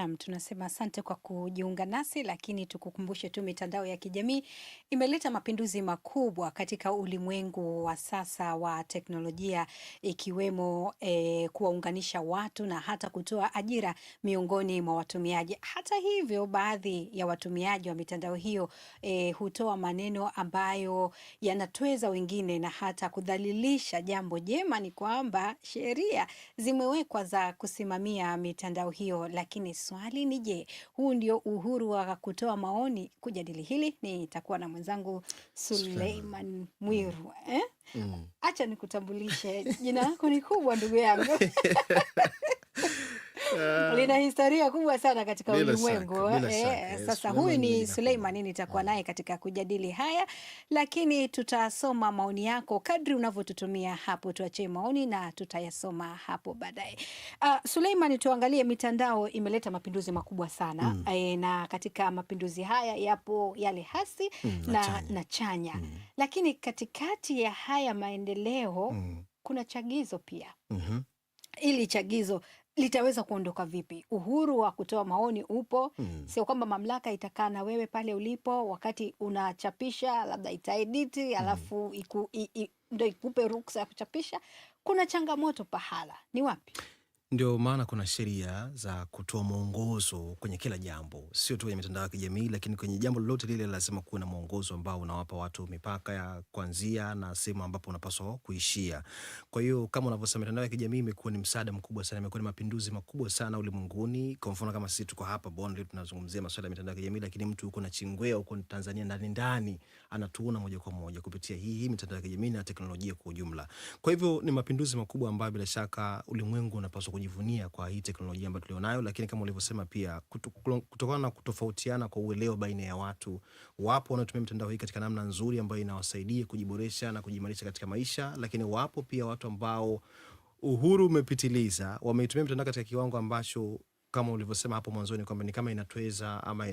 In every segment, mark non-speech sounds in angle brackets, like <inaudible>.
Naam, tunasema asante kwa kujiunga nasi, lakini tukukumbushe tu mitandao ya kijamii imeleta mapinduzi makubwa katika ulimwengu wa sasa wa teknolojia, ikiwemo e, kuwaunganisha watu na hata kutoa ajira miongoni mwa watumiaji. Hata hivyo, baadhi ya watumiaji wa mitandao hiyo e, hutoa maneno ambayo yanatweza wengine na hata kudhalilisha. Jambo jema ni kwamba sheria zimewekwa za kusimamia mitandao hiyo, lakini swali ni je, huu ndio uhuru wa kutoa maoni? Kujadili hili nitakuwa na mwenzangu Suleiman Mwiru eh? Mm. mm. Acha nikutambulishe jina lako ni kubwa ndugu yangu <laughs> Eh, lina historia kubwa sana katika ulimwengu eh, eh, eh. Sasa huyu ni Suleiman, nitakuwa naye katika kujadili haya, lakini tutasoma maoni yako kadri unavyotutumia hapo. Tuachie maoni na tutayasoma hapo baadaye. Uh, Suleiman, tuangalie mitandao imeleta mapinduzi makubwa sana mm. E, na katika mapinduzi haya yapo yale hasi mm, na, na chanya, na chanya. Mm. Lakini katikati ya haya maendeleo mm. kuna chagizo pia mm -hmm. Ili chagizo litaweza kuondoka vipi? Uhuru wa kutoa maoni upo mm. Sio kwamba mamlaka itakaa na wewe pale ulipo wakati unachapisha, labda itaediti hmm. alafu iku, i, i, ndo ikupe ruksa ya kuchapisha. Kuna changamoto pahala ni wapi? Ndio maana kuna sheria za kutoa mwongozo kwenye kila jambo, sio tu kwenye mitandao ya kijamii, lakini kwenye jambo lolote lile lazima kuwe na mwongozo ambao unawapa watu mipaka ya kuanzia na sehemu ambapo unapaswa kuishia. Kwa hiyo kama unavyosema, mitandao ya kijamii imekuwa ni msaada mkubwa sana, imekuwa ni mapinduzi makubwa sana ulimwenguni. Kwa mfano kama sisi tuko hapa Bonn leo tunazungumzia masuala ya mitandao ya kijamii, lakini mtu yuko na Chingwea huko Tanzania ndani ndani anatuona moja kwa moja kupitia hii hii mitandao ya kijamii na teknolojia kwa ujumla. Kwa hivyo ni mapinduzi makubwa ambayo bila shaka ulimwengu unapaswa kujivunia kwa hii teknolojia ambayo tulionayo, lakini kama ulivyosema pia kutokana na kutofautiana kwa uelewa baina ya watu, wapo wanaotumia mitandao hii katika namna nzuri ambayo inawasaidia kujiboresha na kujimarisha katika maisha, lakini wapo pia watu ambao uhuru umepitiliza, wameitumia mitandao katika kiwango ambacho kama ulivyosema hapo mwanzoni kwamba ni kama inatweza ama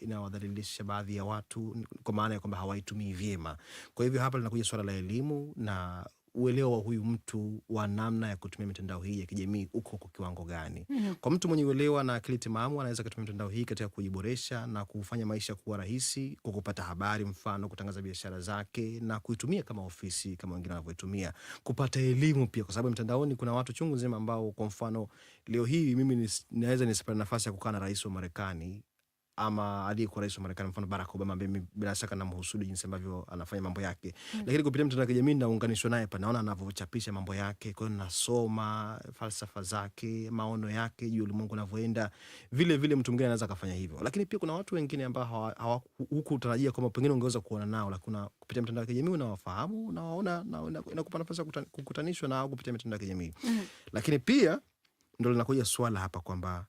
inawadhalilisha baadhi ya watu, kwa maana ya kwamba hawaitumii vyema. Kwa hivyo hapa linakuja suala la elimu na uelewa wa huyu mtu wa namna ya kutumia mitandao hii ya kijamii uko kwa kiwango gani? Mm. Kwa mtu mwenye uelewa na akili timamu anaweza kutumia mitandao hii katika kujiboresha na kufanya maisha kuwa rahisi kwa kupata habari, mfano kutangaza biashara zake na kuitumia kama ofisi kama wengine wanavyoitumia, kupata elimu pia, kwa sababu mitandaoni kuna watu chungu nzima ambao, kwa mfano, leo hii mimi nis, naweza nisipate nafasi ya kukaa na rais wa Marekani ama aliyekuwa rais wa Marekani mfano Barack Obama, ambaye bila shaka namhusudu jinsi ambavyo anafanya mambo yake mm. Lakini kupitia mtandao wa kijamii naunganishwa naye pa, naona anavyochapisha mambo yake, kwa hiyo nasoma falsafa zake, maono yake juu ulimwengu unavyoenda. Vile vile mtu mwingine anaweza akafanya hivyo, lakini pia kuna watu wengine ambao hukutarajia kwamba pengine ungeweza kuona nao, lakini kupitia mtandao wa kijamii unawafahamu, unawaona, inakupa nafasi ya kukutanishwa nao kupitia mitandao ya kijamii mm. Lakini pia ndo linakuja swala hapa kwamba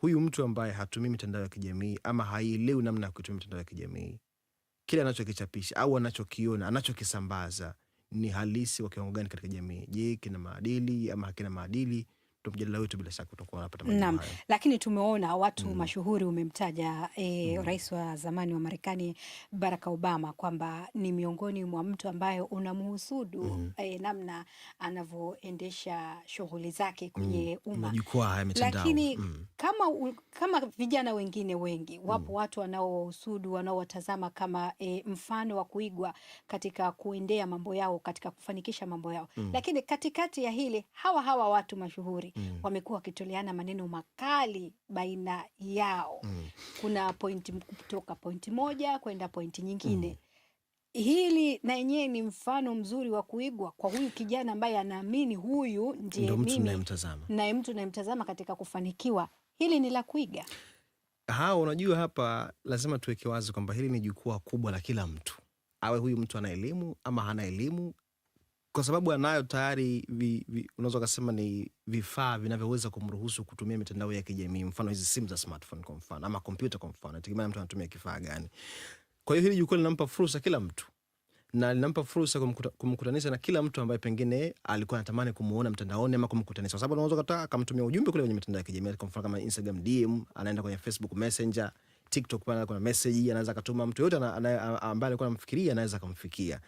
huyu mtu ambaye hatumii mitandao ya kijamii ama haielewi namna ya kutumia mitandao ya kijamii, kile anachokichapisha au anachokiona anachokisambaza ni halisi wa kiwango gani katika jamii? Je, kina maadili ama hakina maadili? mjadala wetu, bila shaka utakuwa unapata majibu naam. Lakini tumeona watu mm. mashuhuri umemtaja e, mm. rais wa zamani wa Marekani Barack Obama kwamba ni miongoni mwa mtu ambaye unamhusudu mm. e, namna anavyoendesha shughuli zake kwenye mm. umma, lakini mm. kama, kama vijana wengine wengi mm. wapo mm. watu wanaohusudu wanaowatazama kama e, mfano wa kuigwa katika kuendea mambo yao katika kufanikisha mambo yao mm. lakini katikati ya hili hawa hawa watu mashuhuri mm. wamekuwa wakitoleana maneno makali baina yao mm. kuna pointi kutoka pointi moja kwenda pointi nyingine mm. Hili na yenyewe ni mfano mzuri wa kuigwa kwa huyu kijana ambaye anaamini huyu ndiye mimi na mtu nayemtazama katika kufanikiwa. Hili ni la kuiga. hao unajua hapa lazima tuweke wazi kwamba hili ni jukwaa kubwa la kila mtu, awe huyu mtu ana elimu ama hana elimu, kwa sababu anayo tayari, unaweza ukasema ni vifaa vinavyoweza kumruhusu kutumia mitandao ya kijamii, mfano hizi simu za smartphone kwa mfano, ama kompyuta kwa mfano, nategemea mtu anatumia kifaa gani. Kwa hiyo hili jukwaa linampa fursa kila mtu na linampa fursa kumkutanisha na kila mtu ambaye pengine alikuwa anatamani kumuona mtandaoni ama kumkutanisha, kwa sababu unaweza kutaka akamtumia ujumbe kule kwenye mitandao ya kijamii, kwa mfano kama Instagram DM, anaenda kwenye Facebook Messenger TikTok pale kuna message anaweza akatuma mtu yote ambaye alikuwa anamfikiria anaweza akamfikia.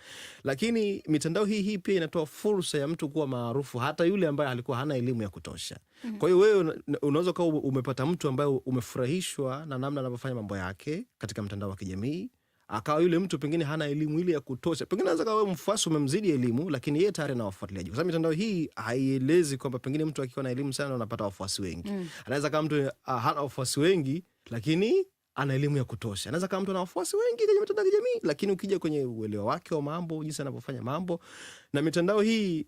Lakini mitandao hii hii pia inatoa fursa ya mtu kuwa maarufu hata yule ambaye alikuwa hana elimu ya kutosha. Mm-hmm. Kwa hiyo wewe unaweza kuwa umepata mtu ambaye umefurahishwa na namna anavyofanya mambo yake katika mtandao wa kijamii akawa yule mtu pengine hana elimu ile ya kutosha, pengine anaweza kawa mfuasi umemzidi elimu, lakini yeye tayari ana wafuatiliaji, kwa sababu mitandao hii haielezi kwamba pengine mtu akiwa na elimu sana anapata wafuasi wengi. Mm. Anaweza kawa mtu ah, hana wafuasi wengi lakini ana elimu ya kutosha, anaweza kama mtu ana wafuasi wengi kwenye mitandao ya kijamii, lakini ukija kwenye uelewa wake wa mambo, jinsi anavyofanya mambo na mitandao hii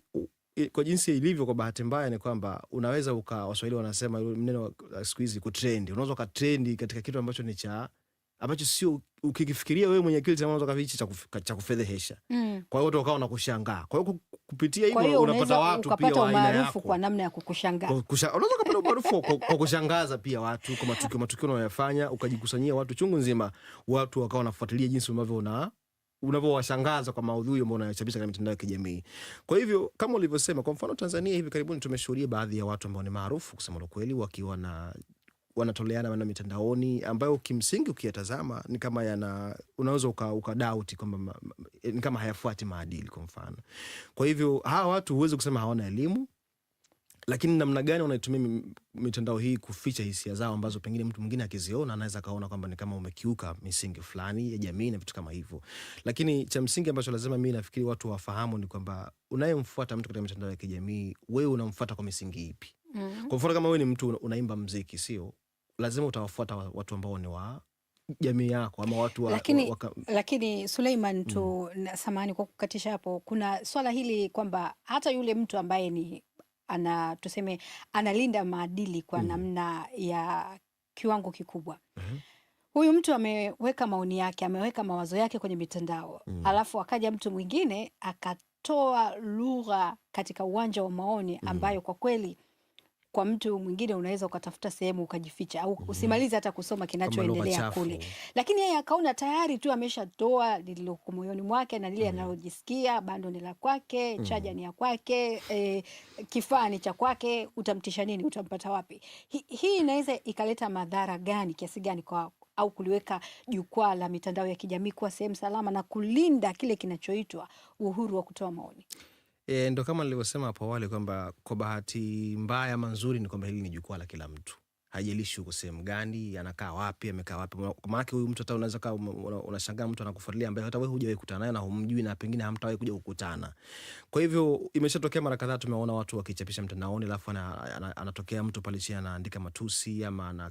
kwa jinsi ilivyo, kwa bahati mbaya ni kwamba unaweza uka, Waswahili wanasema mneno uh, siku hizi kutrendi, unaweza ukatrendi katika kitu ambacho ni cha ambacho sio ukikifikiria wewe mwenye akili timamu unaweza hichi cha kufedhehesha. Mm. Kwa hiyo watu wakawa wanakushangaa. Kwa hiyo kupitia hivyo unapata watu pia wa aina yako. Kwa namna ya kukushangaa. Unaweza kupata umaarufu kwa kushangaza pia watu kwa matukio matukio unayoyafanya, ukajikusanyia watu chungu nzima, watu wakawa wanafuatilia jinsi ambavyo una unavyowashangaza kwa maudhui ambayo unayochapisha katika mitandao ya kijamii. Kwa hivyo kama ulivyosema, kwa mfano Tanzania hivi karibuni tumeshuhudia baadhi ya watu ambao ni maarufu kusema ukweli wakiwa na wanatoleana maneno mitandaoni ambayo kimsingi ukiyatazama ni kama yana, unaweza uka, uka ukadauti kwamba ni kama hayafuati maadili kwa mfano. Kwa hivyo hawa watu huwezi kusema hawana elimu, lakini namna gani wanaitumia mitandao hii kuficha hisia zao ambazo pengine mtu mwingine akiziona anaweza kaona kwamba ni kama umekiuka misingi fulani ya jamii na vitu kama hivyo. Lakini cha msingi ambacho lazima mimi nafikiri watu wafahamu ni kwamba unayemfuata mtu katika mitandao ya kijamii, wewe unamfuata kwa misingi ipi? Mm -hmm. Kwa mfano kama wewe ni mtu unaimba mziki, sio lazima utawafuata watu ambao ni wa jamii yako ama watu wa, lakini, waka... lakini Suleiman tu mm. samani kwa kukatisha hapo, kuna swala hili kwamba hata yule mtu ambaye ni ana tuseme analinda maadili kwa mm. namna ya kiwango kikubwa mm -hmm. Huyu mtu ameweka maoni yake, ameweka mawazo yake kwenye mitandao mm. alafu akaja mtu mwingine akatoa lugha katika uwanja wa maoni mm. ambayo mm. kwa kweli kwa mtu mwingine unaweza ukatafuta sehemu ukajificha au mhm. usimalize hata kusoma kinachoendelea kule, lakini yeye akaona tayari tu ameshatoa lililoko moyoni mwake na lile mhm. analojisikia. Bando ni la kwake, chaja mhm. ni ya kwake, e, kifaa ni cha kwake. Utamtisha nini? Utampata wapi? Hii Hi, inaweza ikaleta madhara gani kiasi gani kwa au kuliweka jukwaa la mitandao ya kijamii kuwa sehemu salama na kulinda kile kinachoitwa uhuru wa kutoa maoni? E, ndo kama nilivyosema hapo awali kwamba kwa bahati mbaya ama nzuri ni kwamba hili ni jukwaa la kila mtu haijalishi uko sehemu gani, anakaa wapi, amekaa wapi. Maanake huyu mtu hata unaweza kaa unashangaa mtu anakufuatilia ambaye hata wewe hujawahi kukutana naye na humjui na pengine hamtawahi kuja kukutana. Kwa hivyo imeshatokea mara kadhaa tumeona watu wakichapisha mtandaoni, alafu anatokea mtu pale chini anaandika matusi ama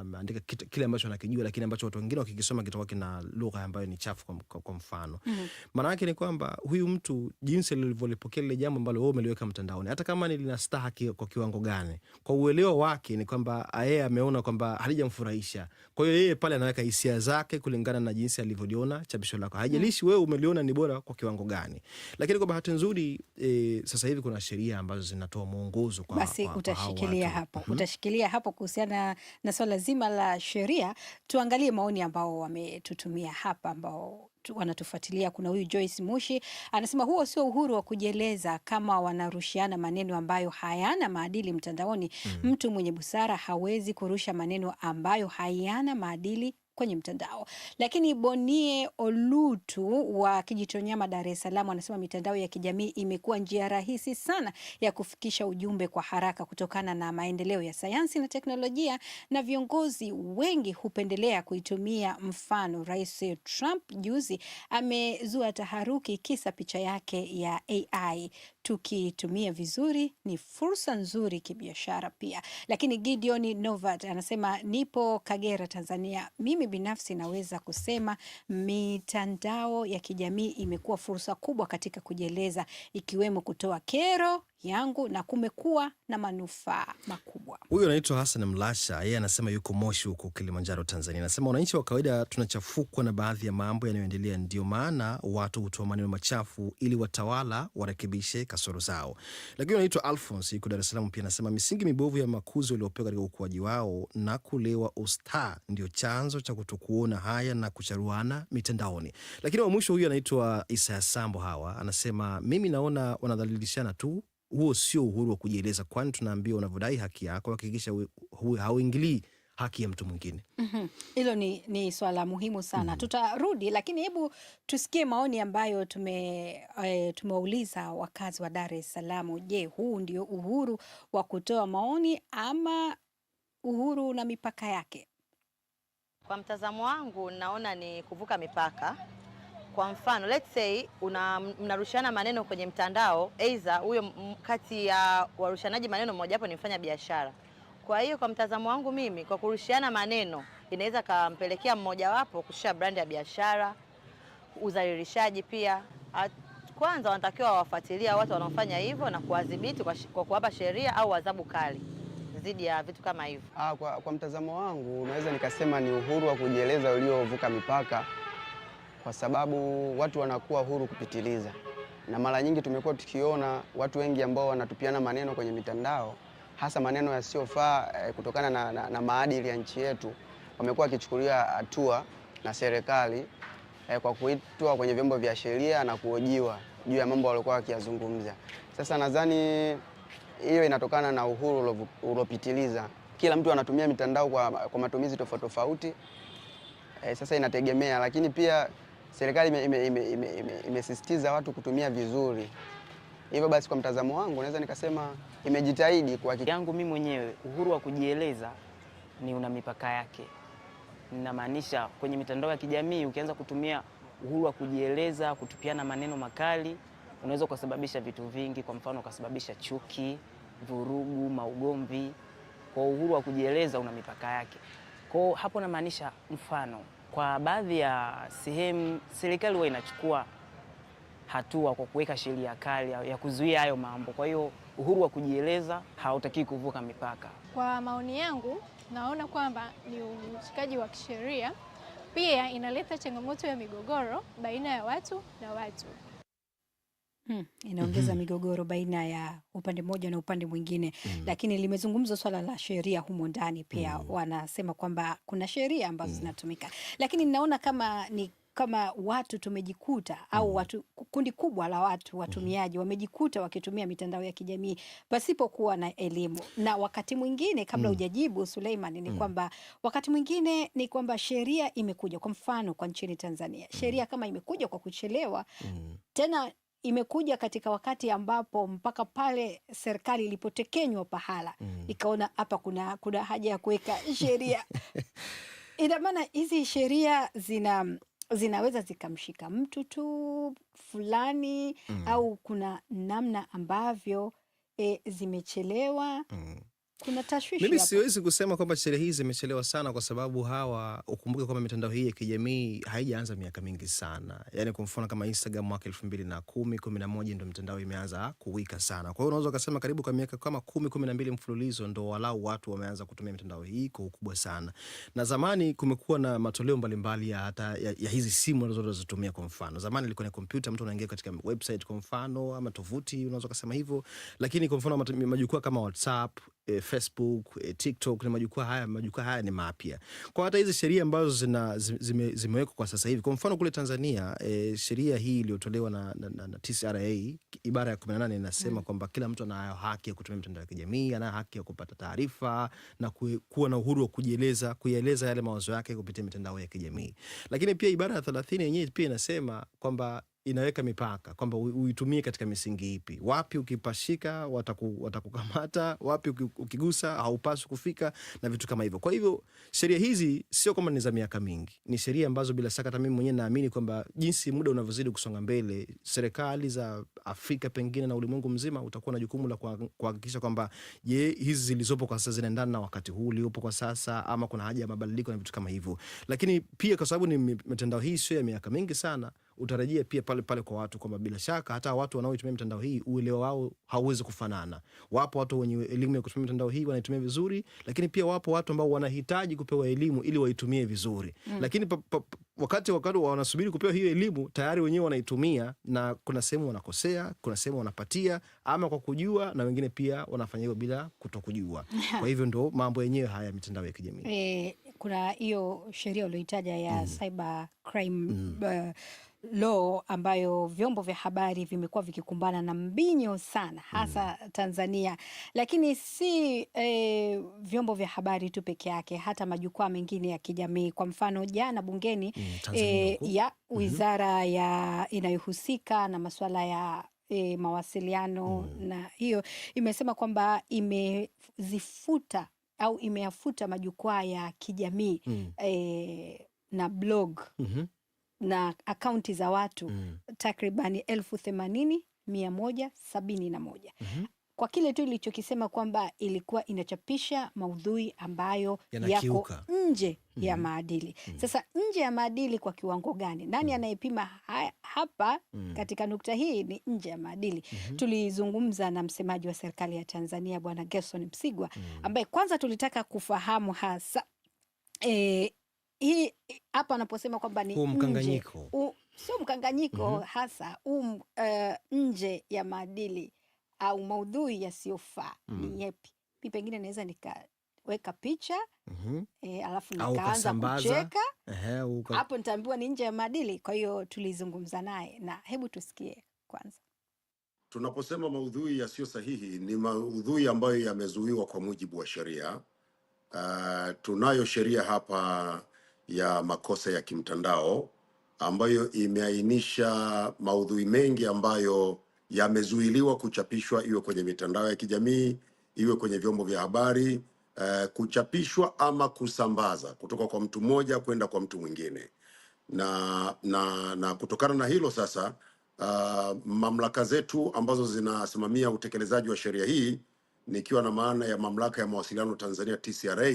anaandika kile ambacho anakijua, lakini ambacho watu wengine wakikisoma kitakuwa kina lugha ambayo ni chafu. Kwa mfano, mm-hmm. maana yake ni kwamba huyu mtu jinsi alivyolipokea lile jambo ambalo wewe umeliweka mtandaoni, hata kama ni lina staha kwa kiwango gani, kwa uelewa wake ni kwamba ah, yeye ameona kwamba halijamfurahisha. Kwa hiyo yeye pale anaweka hisia zake kulingana na jinsi alivyoliona chapisho lako, haijalishi wewe umeliona ni bora kwa kiwango gani. Lakini kwa bahati nzuri e, sasa hivi kuna sheria ambazo zinatoa mwongozo kwa basi kwa, utashikilia hapo mm-hmm. utashikilia hapo kuhusiana na swala zima la sheria. Tuangalie maoni ambao wametutumia hapa ambao wanatufuatilia kuna huyu Joyce Mushi anasema huo sio uhuru wa kujieleza kama wanarushiana maneno ambayo hayana maadili mtandaoni. Mm. Mtu mwenye busara hawezi kurusha maneno ambayo hayana maadili kwenye mtandao. Lakini Bonie Olutu wa Kijitonyama, Dar es Salaam, anasema mitandao ya kijamii imekuwa njia rahisi sana ya kufikisha ujumbe kwa haraka kutokana na maendeleo ya sayansi na teknolojia, na viongozi wengi hupendelea kuitumia. Mfano, Rais Trump juzi amezua taharuki kisa picha yake ya AI. tukitumia vizuri, ni fursa nzuri kibiashara pia. Lakini Gideon Novat anasema nipo Kagera, Tanzania mimi mimi binafsi naweza kusema mitandao ya kijamii imekuwa fursa kubwa katika kujieleza, ikiwemo kutoa kero yangu na kumekuwa na manufaa makubwa. Huyu anaitwa Hassan Mlasha, yeye anasema yuko Moshi huko Kilimanjaro, Tanzania. Anasema wananchi wa kawaida tunachafukwa na baadhi ya mambo yanayoendelea, ndio maana watu hutoa maneno machafu ili watawala warekebishe kasoro zao. Lakini anaitwa Alphonse, yuko Dar es Salaam, pia anasema misingi mibovu ya makuzi waliopewa katika ukuaji wao na kulewa usta ndio chanzo cha kutokuona haya na kucharuana mitandaoni. Lakini wa mwisho huyu anaitwa Isaya Sambo, hawa anasema mimi naona wanadhalilishana tu huo sio uhuru wa kujieleza, kwani tunaambiwa unavyodai haki yako hakikisha hauingilii haki ya mtu mwingine. mm hilo -hmm. Ni, ni swala muhimu sana mm -hmm. Tutarudi, lakini hebu tusikie maoni ambayo tume e, tumewauliza wakazi wa Dar es Salaam. Je, huu ndio uhuru wa kutoa maoni ama uhuru na mipaka yake? Kwa mtazamo wangu naona ni kuvuka mipaka kwa mfano let's say una mnarushana maneno kwenye mtandao, aidha huyo kati ya warushanaji maneno mmoja hapo ni mfanya biashara. Kwa hiyo kwa mtazamo wangu mimi, kwa kurushiana maneno inaweza kampelekea mmojawapo kushia brand ya biashara, udhalilishaji pia. At, ah, kwanza wanatakiwa wafuatilia watu wanaofanya hivyo na kuwadhibiti kwa, kwa kuwapa sheria au adhabu kali dhidi ya vitu kama hivyo. Ah, kwa, kwa mtazamo wangu naweza nikasema ni uhuru wa kujieleza uliovuka mipaka kwa sababu watu wanakuwa huru kupitiliza, na mara nyingi tumekuwa tukiona watu wengi ambao wanatupiana maneno kwenye mitandao, hasa maneno yasiyofaa eh, kutokana na, na, na maadili ya nchi yetu, wamekuwa wakichukuliwa hatua na serikali eh, kwa kuitwa kwenye vyombo vya sheria na kuhojiwa juu ya mambo waliokuwa wakiyazungumza. Sasa nadhani hiyo inatokana na uhuru uliopitiliza. Kila mtu anatumia mitandao kwa, kwa matumizi tofauti tofauti. E, sasa inategemea, lakini pia serikali imesisitiza watu kutumia vizuri. Hivyo basi, kwa mtazamo wangu naweza nikasema imejitahidi kwa yangu mimi mwenyewe. Uhuru wa kujieleza ni una mipaka yake, ninamaanisha kwenye mitandao ya kijamii ukianza kutumia uhuru wa kujieleza, kutupiana maneno makali, unaweza ukasababisha vitu vingi. Kwa mfano, ukasababisha chuki, vurugu, maugomvi. Kwa uhuru wa kujieleza una mipaka yake, kwa hapo namaanisha mfano kwa baadhi ya sehemu serikali huwa inachukua hatua kwa kuweka sheria kali ya kuzuia hayo mambo. Kwa hiyo uhuru wa kujieleza hautakiwi kuvuka mipaka. Kwa maoni yangu, naona kwamba ni ushikaji wa kisheria, pia inaleta changamoto ya migogoro baina ya watu na watu. Hmm. Inaongeza mm -hmm. migogoro baina ya upande mmoja na upande mwingine mm hmm. Lakini limezungumzwa swala la sheria humo ndani pia mm hmm. Wanasema kwamba kuna sheria ambazo hmm. zinatumika hmm. Lakini ninaona kama ni kama watu tumejikuta mm. au hmm. watu kundi kubwa la watu watumiaji mm. wamejikuta wakitumia mitandao ya kijamii pasipokuwa na elimu, na wakati mwingine kabla hmm. hujajibu mm. Suleiman, ni mm. kwamba wakati mwingine ni kwamba sheria imekuja, kwa mfano kwa nchini Tanzania sheria kama imekuja kwa kuchelewa mm. tena imekuja katika wakati ambapo mpaka pale serikali ilipotekenywa pahala mm. ikaona hapa kuna, kuna haja ya kuweka sheria <laughs> ina maana hizi sheria zina zinaweza zikamshika mtu tu fulani mm. au kuna namna ambavyo e, zimechelewa mm kuna tashwishi. Mimi siwezi kusema kwamba sherehe hizi zimechelewa sana, kwa sababu hawa, ukumbuke kwamba mitandao hii ya kijamii haijaanza miaka mingi sana. Yani kwa mfano kama Instagram mwaka elfu mbili na kumi kumi na moja ndo mitandao imeanza kuwika sana. Kwa hiyo unaweza ukasema karibu kwa miaka kama kumi kumi na mbili mfululizo ndo walau watu wameanza kutumia mitandao hii kwa ukubwa sana, na zamani kumekuwa na matoleo mbalimbali ya hata ya, ya hizi simu unazotumia. Kwa mfano zamani ilikuwa ni kompyuta, mtu unaingia katika website kwa mfano ama tovuti, unaweza ukasema hivyo, lakini kwa mfano majukwaa kama WhatsApp e, Facebook e, TikTok na majukwaa haya, majukwaa haya ni mapya kwa hata hizi sheria ambazo zina, zime, zimewekwa kwa sasa hivi. Kwa mfano kule Tanzania e, sheria hii iliyotolewa na, na, na, na TCRA ibara ya 18 inasema hmm, kwamba kila mtu anayo haki ya kutumia mitandao ya kijamii, anayo haki ya kupata taarifa na kue, kuwa na uhuru wa kujieleza, kuyaeleza yale mawazo yake kupitia mitandao ya kijamii, lakini pia ibara ya 30 yenyewe pia inasema kwamba inaweka mipaka kwamba uitumie katika misingi ipi, wapi ukipashika wataku, watakukamata, wapi ukigusa haupaswi kufika na vitu kama hivyo. Kwa hivyo sheria hizi sio kwamba ni za miaka mingi, ni sheria ambazo bila shaka hata mimi mwenyewe naamini kwamba jinsi muda unavyozidi kusonga mbele, serikali za Afrika pengine na ulimwengu mzima utakuwa na jukumu la kuhakikisha kwamba je, hizi zilizopo kwa sasa zinaendana na wakati huu uliopo kwa sasa, ama kuna haja ya mabadiliko na vitu kama hivyo. Lakini pia kwa sababu ni mitandao hii sio ya miaka mingi sana utarajia pia pale pale kwa watu kwamba bila shaka hata watu wanaoitumia mitandao hii uelewa wao hauwezi kufanana. Wapo watu wenye elimu ya kutumia mitandao hii wanaitumia vizuri, lakini pia wapo watu ambao wanahitaji kupewa elimu ili waitumie vizuri mm. Lakini pa, pa, wakati wakati wanasubiri kupewa hiyo elimu tayari wenyewe wanaitumia, na kuna sehemu wanakosea, kuna sehemu wanapatia ama kwa kujua, na wengine pia wanafanya hivyo bila kutokujua. <laughs> Kwa hivyo ndo mambo yenyewe haya ya mitandao ya kijamii e, kuna hiyo sheria ulioitaja ya mm. cyber crime mm. uh, law ambayo vyombo vya habari vimekuwa vikikumbana na mbinyo sana hasa mm. Tanzania, lakini si e, vyombo vya habari tu peke yake, hata majukwaa mengine ya kijamii. Kwa mfano jana bungeni mm, e, ya mm-hmm. wizara mm -hmm. ya inayohusika na masuala ya E, mawasiliano mm. na hiyo imesema kwamba imezifuta au imeyafuta majukwaa ya kijamii mm. e, na blog mm -hmm na akaunti za watu mm. takribani elfu themanini mia moja sabini na moja mm -hmm. Kwa kile tu ilichokisema kwamba ilikuwa inachapisha maudhui ambayo yako nje mm -hmm. ya mhm. maadili mm -hmm. Sasa nje ya maadili kwa kiwango gani? Nani mm -hmm. anayepima ha hapa mm -hmm. katika nukta hii ni nje ya maadili mm -hmm. Tulizungumza na msemaji wa serikali ya Tanzania Bwana Gerson Msigwa mm -hmm. ambaye kwanza tulitaka kufahamu hasa e, hii hapa anaposema kwamba ni mkanganyiko, sio mkanganyiko mm -hmm. hasa um, uh, nje ya maadili au maudhui yasiyofaa mm -hmm. ni yepi? Mi pengine naweza nikaweka picha mm -hmm. e, alafu nikaanza kucheka uka... hapo nitaambiwa ni nje ya maadili. Kwa hiyo tulizungumza naye, na hebu tusikie kwanza. Tunaposema maudhui yasiyo sahihi ni maudhui ambayo yamezuiwa kwa mujibu wa sheria. Uh, tunayo sheria hapa ya makosa ya kimtandao ambayo imeainisha maudhui mengi ambayo yamezuiliwa kuchapishwa, iwe kwenye mitandao ya kijamii, iwe kwenye vyombo vya habari uh, kuchapishwa ama kusambaza kutoka kwa mtu mmoja kwenda kwa mtu mwingine. Na, na, na kutokana na hilo sasa, uh, mamlaka zetu ambazo zinasimamia utekelezaji wa sheria hii nikiwa na maana ya mamlaka ya mawasiliano Tanzania TCRA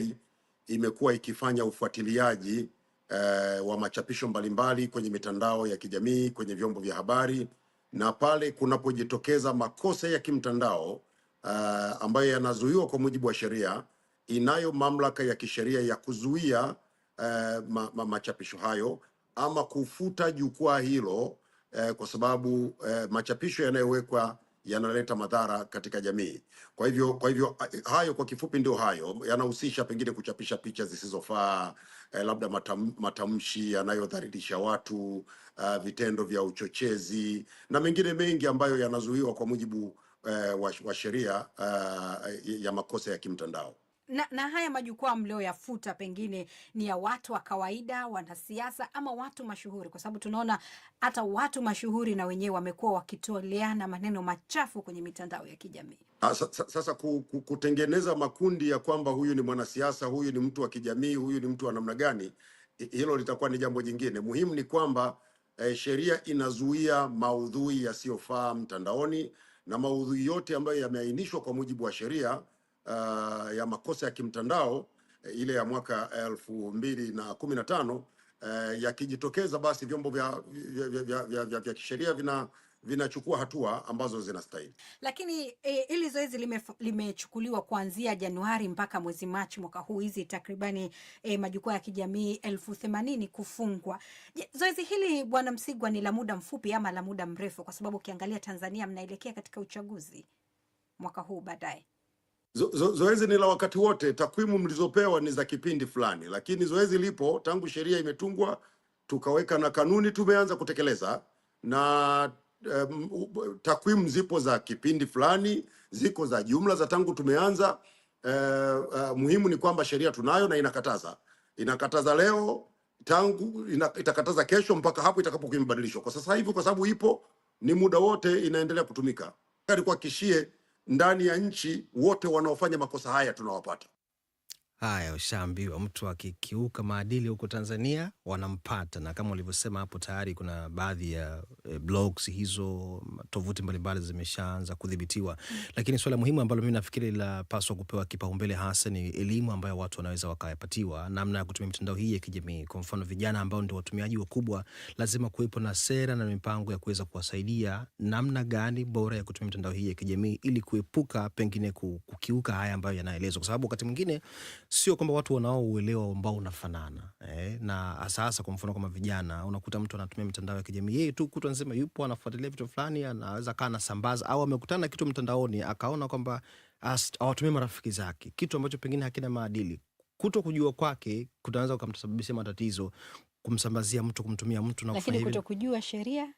imekuwa ikifanya ufuatiliaji eh, wa machapisho mbalimbali kwenye mitandao ya kijamii, kwenye vyombo vya habari na pale kunapojitokeza makosa ya kimtandao uh, ambayo yanazuiwa kwa mujibu wa sheria, inayo mamlaka ya kisheria ya kuzuia uh, ma, ma, machapisho hayo ama kufuta jukwaa hilo uh, kwa sababu uh, machapisho yanayowekwa yanaleta madhara katika jamii. Kwa hivyo, kwa hivyo hayo kwa kifupi ndio hayo yanahusisha, pengine kuchapisha picha zisizofaa eh, labda matam, matamshi yanayodhalilisha watu uh, vitendo vya uchochezi na mengine mengi ambayo yanazuiwa kwa mujibu uh, wa, wa sheria uh, ya makosa ya kimtandao na, na haya majukwaa mlioyafuta pengine ni ya watu wa kawaida, wanasiasa ama watu mashuhuri? Kwa sababu tunaona hata watu mashuhuri na wenyewe wamekuwa wakitoleana maneno machafu kwenye mitandao ya kijamii. Ah, sasa, kutengeneza makundi ya kwamba huyu ni mwanasiasa, huyu ni mtu wa kijamii, huyu ni mtu wa namna gani, hilo litakuwa ni jambo jingine. Muhimu ni kwamba eh, sheria inazuia maudhui yasiyofaa mtandaoni na maudhui yote ambayo yameainishwa kwa mujibu wa sheria uh, ya makosa ya kimtandao eh, ile ya mwaka elfu mbili na kumi na tano uh, yakijitokeza basi vyombo vya, vya, vya, vya, vya, vya, vya kisheria vina vinachukua hatua ambazo zinastahili. Lakini hili eh, e, zoezi limechukuliwa lime kuanzia Januari mpaka mwezi Machi mwaka huu, hizi takribani e, majukwaa ya kijamii elfu themanini kufungwa. Zoezi hili Bwana Msigwa, ni la muda mfupi ama la muda mrefu? Kwa sababu ukiangalia Tanzania mnaelekea katika uchaguzi mwaka huu baadaye zo, zo, zoezi ni la wakati wote. Takwimu mlizopewa ni za kipindi fulani, lakini zoezi lipo tangu sheria imetungwa, tukaweka na kanuni, tumeanza kutekeleza na um, takwimu zipo za kipindi fulani, ziko za jumla za tangu tumeanza. Uh, uh, muhimu ni kwamba sheria tunayo na inakataza inakataza leo tangu ina, itakataza kesho mpaka hapo itakapokuwa imebadilishwa. Kwa sasa hivi, kwa sababu ipo, ni muda wote inaendelea kutumika. Nikuhakikishie ndani ya nchi, wote wanaofanya makosa haya tunawapata. Haya, ushaambiwa mtu akikiuka maadili huko Tanzania wanampata, na kama ulivyosema hapo tayari kuna baadhi ya e, blogs hizo tovuti mbalimbali zimeshaanza kudhibitiwa, mm. lakini swala muhimu ambalo mimi nafikiri linapaswa kupewa kipaumbele hasa ni elimu ambayo watu wanaweza wakayapatiwa namna ya kutumia mitandao hii ya kijamii. Kwa mfano, vijana ambao ndio watumiaji wakubwa, lazima kuwepo na sera na mipango ya kuweza kuwasaidia namna gani bora ya kutumia mitandao hii ya kijamii ili kuepuka pengine kukiuka haya ambayo yanaelezwa, kwa sababu wakati mwingine sio kwamba watu wanao uelewa ambao unafanana eh, na hasa hasa kwa mfano kama vijana, unakuta mtu anatumia mitandao ya kijamii yeye tu kutu anasema yupo anafuatilia vitu fulani, anaweza kaa anasambaza, au amekutana na kitu mtandaoni akaona kwamba awatumie marafiki zake, kitu ambacho pengine hakina maadili. Kuto kujua kwake kunaweza kumsababishia matatizo, kumsambazia mtu, kumtumia mtu na kufanya hivyo, lakini kuto kujua sheria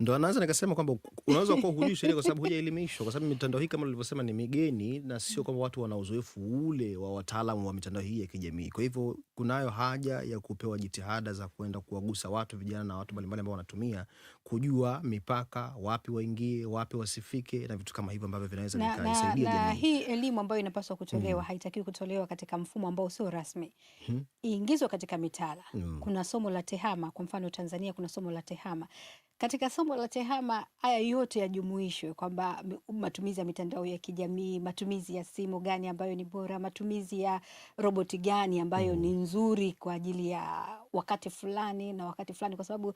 Ndo anaanza nikasema kwamba unaweza kuwa hujui sheria kwa sababu hujaelimishwa, kwa sababu mitandao hii kama nilivyosema ni migeni, na sio kwamba watu wana uzoefu ule wa wataalamu wa mitandao hii ya kijamii. Kwa hivyo kunayo haja ya kupewa jitihada za kuenda kuwagusa watu vijana na watu mbalimbali ambao wanatumia kujua mipaka, wapi waingie, wapi wasifike na vitu kama hivyo ambavyo vinaweza vikaisaidia jamii. hii elimu ambayo inapaswa kutolewa mm, haitakiwi kutolewa katika mfumo ambao sio rasmi mm, iingizwe katika mitaala mm. Kuna somo la tehama, kwa mfano Tanzania kuna somo la tehama katika somo la TEHAMA haya yote yajumuishwe, kwamba matumizi ya mitandao ya kijamii, matumizi ya simu gani ambayo ni bora, matumizi ya roboti gani ambayo mm. ni nzuri kwa ajili ya wakati fulani na wakati fulani, kwa sababu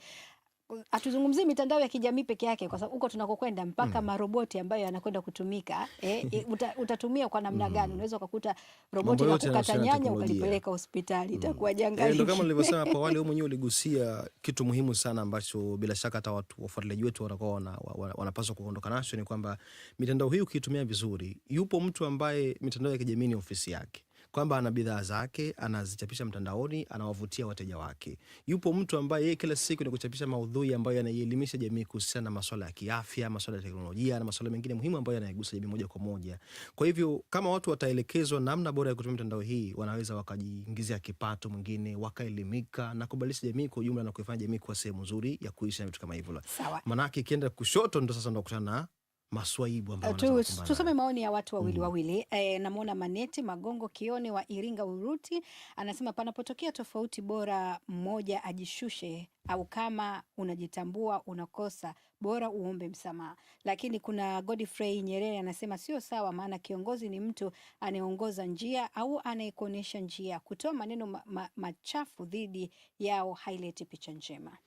hatuzungumzii mitandao ya kijamii peke yake, kwa sababu huko tunakokwenda mpaka mm. maroboti ambayo yanakwenda kutumika eh, <laughs> uta, utatumia kwa namna mm. gani? Unaweza ukakuta roboti la kukata nyanya ukalipeleka hospitali, mm. itakuwa eh, janga hili. kama nilivyosema hapo awali, <laughs> wewe mwenyewe uligusia kitu muhimu sana ambacho bila shaka hata watu wafuatiliaji wetu watakuwa wanapaswa kuondoka nacho, ni kwamba mitandao hii ukiitumia vizuri, yupo mtu ambaye mitandao ya kijamii ni ofisi yake kwamba ana bidhaa zake, anazichapisha mtandaoni, anawavutia wateja wake. Yupo mtu ambaye yeye kila siku ni kuchapisha maudhui ambayo yanaielimisha jamii kuhusiana na masuala ya kiafya, masuala ya teknolojia na masuala mengine muhimu ambayo yanaigusa jamii moja kwa moja. Kwa hivyo kama watu wataelekezwa namna bora ya kutumia mitandao hii, wanaweza wakajiingizia kipato mwingine, wakaelimika na kubadilisha jamii kwa ujumla na kuifanya jamii kuwa sehemu nzuri ya kuishi na vitu kama hivyo. Manake ikienda kushoto ndo sasa ndo kutana maswaibu ambayo uh, tusome maoni ya watu wawili mm. wawili. E, eh, namwona Maneti Magongo Kione wa Iringa Uruti anasema panapotokea tofauti bora mmoja ajishushe, au kama unajitambua unakosa bora uombe msamaha. Lakini kuna Godfrey Nyerere anasema sio sawa, maana kiongozi ni mtu anayeongoza njia au anayekuonyesha njia. Kutoa maneno ma ma machafu dhidi yao haileti picha njema.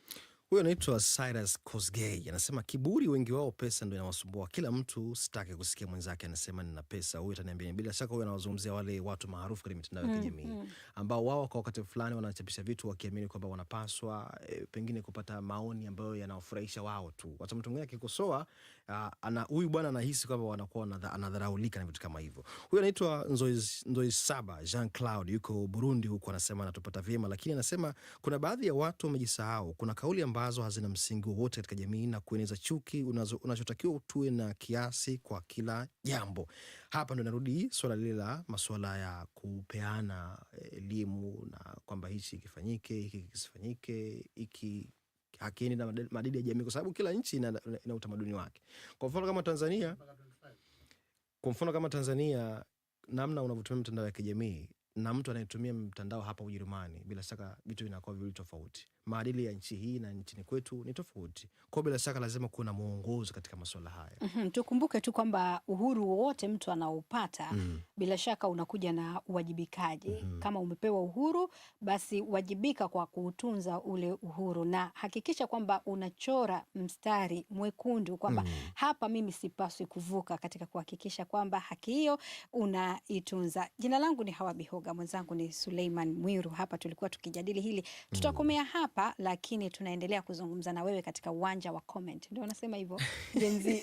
Huyo anaitwa Cyrus Kosgei anasema kiburi, wengi wao pesa ndio inawasumbua kila mtu, sitaki kusikia mwenzake anasema nina pesa, huyo ataniambia. Bila shaka huyo anawazungumzia wale watu maarufu kwenye mitandao ya mm, kijamii mm, ambao wao kwa wakati fulani wanachapisha vitu wakiamini kwamba wanapaswa e, pengine kupata maoni ambayo yanawafurahisha wao tu. Hata mtu mwingine akikosoa ah, huyu bwana anahisi kwamba wanakuwa anadharaulika na vitu kama hivyo. Huyo anaitwa Nzoi Saba Jean Claude, yuko Burundi huko, anasema anatupata vyema, lakini anasema kuna baadhi ya watu wamejisahau. Kuna kauli ambayo ambazo hazina msingi wowote katika jamii na kueneza chuki, unachotakiwa utue na kiasi kwa kila jambo. Hapa ndo narudi swala lile la masuala ya kupeana eh, elimu na kwamba hichi kifanyike, hiki kisifanyike, hiki hakiendi na maadili ya jamii, kwa sababu kila nchi ina, ina utamaduni wake. Kwa mfano kama Tanzania, kwa mfano kama Tanzania, namna unavyotumia mtandao ya kijamii na mtu anayetumia mtandao hapa Ujerumani, bila shaka vitu vinakuwa viwili tofauti maadili ya nchi hii na nchini kwetu ni tofauti. Kwa bila shaka lazima kuwe na mwongozo katika masuala haya. mm -hmm. Tukumbuke tu kwamba uhuru wowote mtu anaupata mm -hmm. bila shaka unakuja na uwajibikaji mm -hmm. Kama umepewa uhuru, basi wajibika kwa kuutunza ule uhuru na hakikisha kwamba unachora mstari mwekundu kwamba mm -hmm. hapa mimi sipaswi kuvuka, katika kuhakikisha kwamba haki hiyo unaitunza. Jina langu ni Hawa Bihoga, mwenzangu ni Suleiman Mwiru. Hapa tulikuwa tukijadili hili, mm. tutakomea hapa hapa, lakini tunaendelea kuzungumza na wewe katika uwanja wa comment. Ndio unasema hivyo jenzi <laughs> <laughs>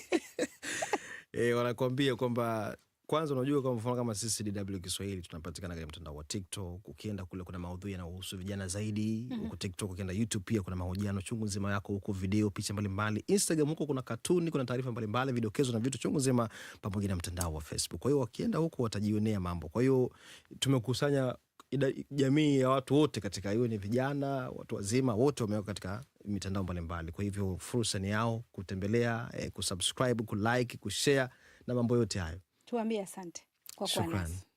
e, eh, wanakuambia kwamba kwanza unajua, kwa mfano kama sisi DW Kiswahili tunapatikana katika mtandao wa TikTok. Ukienda kule kuna maudhui yanayohusu vijana zaidi mhm. huko, mm -hmm. TikTok, ukienda YouTube pia kuna mahojiano chungu nzima yako huko, video, picha mbalimbali. Instagram huko kuna katuni, kuna taarifa mbalimbali, vidokezo na vitu chungu nzima, pamoja na mtandao wa Facebook. Kwa hiyo wakienda huko watajionea mambo. Kwa hiyo tumekusanya jamii ya watu wote katika iwe ni vijana, watu wazima, wote wamewekwa katika mitandao mbalimbali. Kwa hivyo fursa ni yao kutembelea, eh, kusubscribe, kulike, kushare na mambo yote hayo. Tuambie asante kwa kuwa nasi.